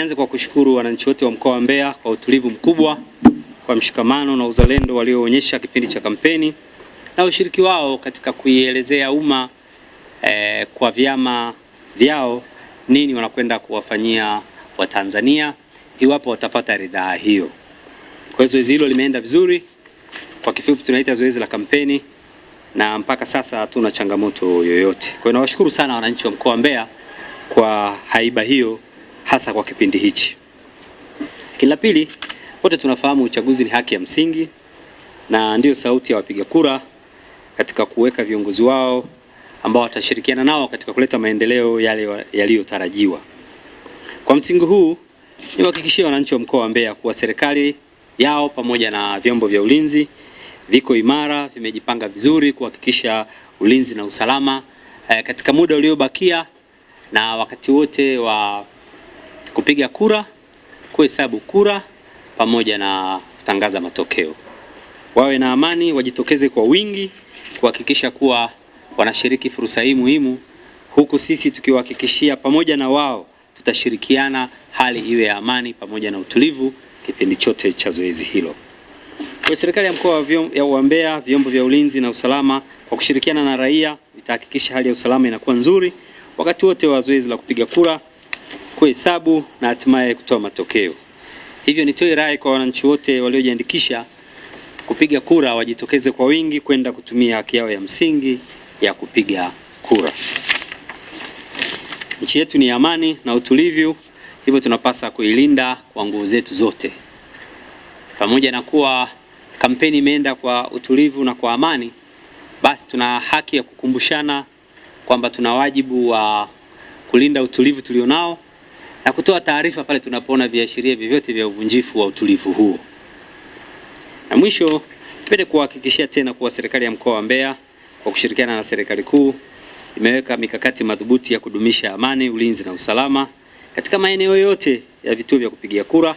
Nianze kwa kushukuru wananchi wote wa mkoa wa Mbeya kwa utulivu mkubwa, kwa mshikamano na uzalendo walioonyesha kipindi cha kampeni na ushiriki wao katika kuielezea umma eh, kwa vyama vyao nini wanakwenda kuwafanyia Watanzania iwapo watapata ridhaa hiyo. Kwa hiyo zoezi hilo limeenda vizuri, kwa kifupi tunaita zoezi la kampeni, na mpaka sasa hatuna changamoto yoyote. Kwa hiyo nawashukuru sana wananchi wa mkoa wa Mbeya kwa haiba hiyo hasa kwa kipindi hichi. Kila pili, wote tunafahamu uchaguzi ni haki ya msingi na ndiyo sauti ya wapiga kura katika kuweka viongozi wao ambao watashirikiana nao katika kuleta maendeleo yale yaliyotarajiwa. Kwa msingi huu, niwahakikishie wananchi wa mkoa wa Mbeya kuwa serikali yao pamoja na vyombo vya ulinzi viko imara, vimejipanga vizuri kuhakikisha ulinzi na usalama eh, katika muda uliobakia na wakati wote wa kupiga kura, kuhesabu kura pamoja na kutangaza matokeo. Wawe na amani, wajitokeze kwa wingi kuhakikisha kuwa wanashiriki fursa hii muhimu, huku sisi tukiwahakikishia pamoja na wao tutashirikiana hali iwe ya amani pamoja na utulivu kipindi chote cha zoezi hilo. Kwa serikali ya mkoa wa Mbeya, vyombo vya ulinzi na usalama kwa kushirikiana na raia vitahakikisha hali ya usalama inakuwa nzuri wakati wote wa zoezi la kupiga kura kuhesabu na hatimaye kutoa matokeo. Hivyo nitoe rai kwa wananchi wote waliojiandikisha kupiga kura wajitokeze kwa wingi kwenda kutumia haki yao ya msingi ya kupiga kura. Nchi yetu ni amani na utulivu, hivyo tunapasa kuilinda kwa nguvu zetu zote. Pamoja na kuwa kampeni imeenda kwa utulivu na kwa amani, basi tuna haki ya kukumbushana kwamba tuna wajibu wa kulinda utulivu tulionao na kutoa taarifa pale tunapoona viashiria vyovyote vya uvunjifu wa utulivu huo. Na mwisho, nipende kuhakikishia tena kuwa serikali ya mkoa wa Mbeya kwa kushirikiana na serikali kuu imeweka mikakati madhubuti ya kudumisha amani, ulinzi na usalama katika maeneo yote ya vituo vya kupigia kura,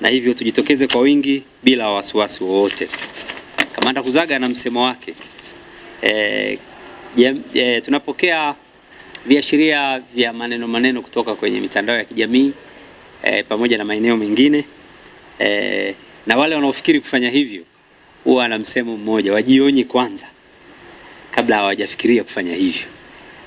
na hivyo tujitokeze kwa wingi bila wasiwasi wowote. Kamanda Kuzaga na msemo wake e, e, tunapokea viashiria vya maneno maneno kutoka kwenye mitandao ya kijamii e, pamoja na maeneo mengine e, na wale wanaofikiri kufanya hivyo huwa na msemo mmoja, wajionye kwanza kabla hawajafikiria kufanya hivyo.